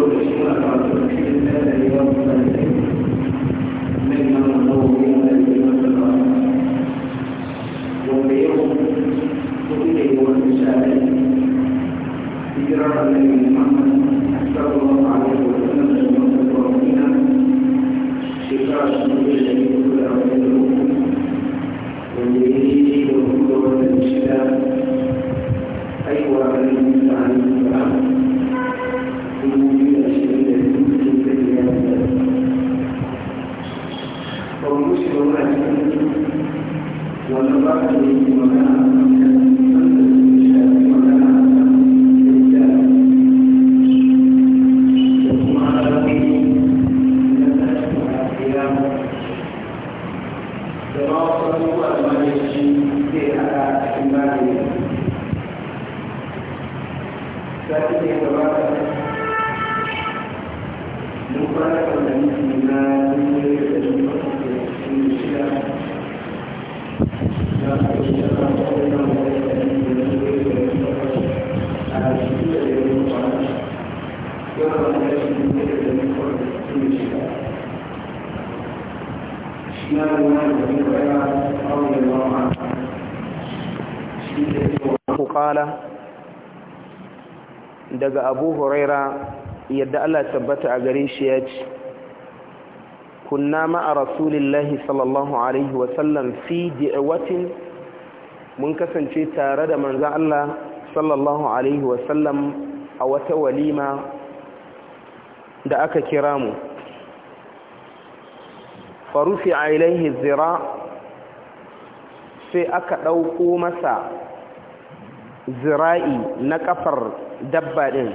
lokaci muna kawo da cikin da yawan qala daga abu huraira yadda Allah tabbata a gare shi ya ce kunna ma'a rasulillahi sallallahu alaihi wasallam fi di'awatin mun kasance tare da manzan Allah sallallahu alaihi wasallam a wata walima da aka kira mu farufi a ilaihi zira sai aka ɗauko masa zira'i na ƙafar dabba ɗin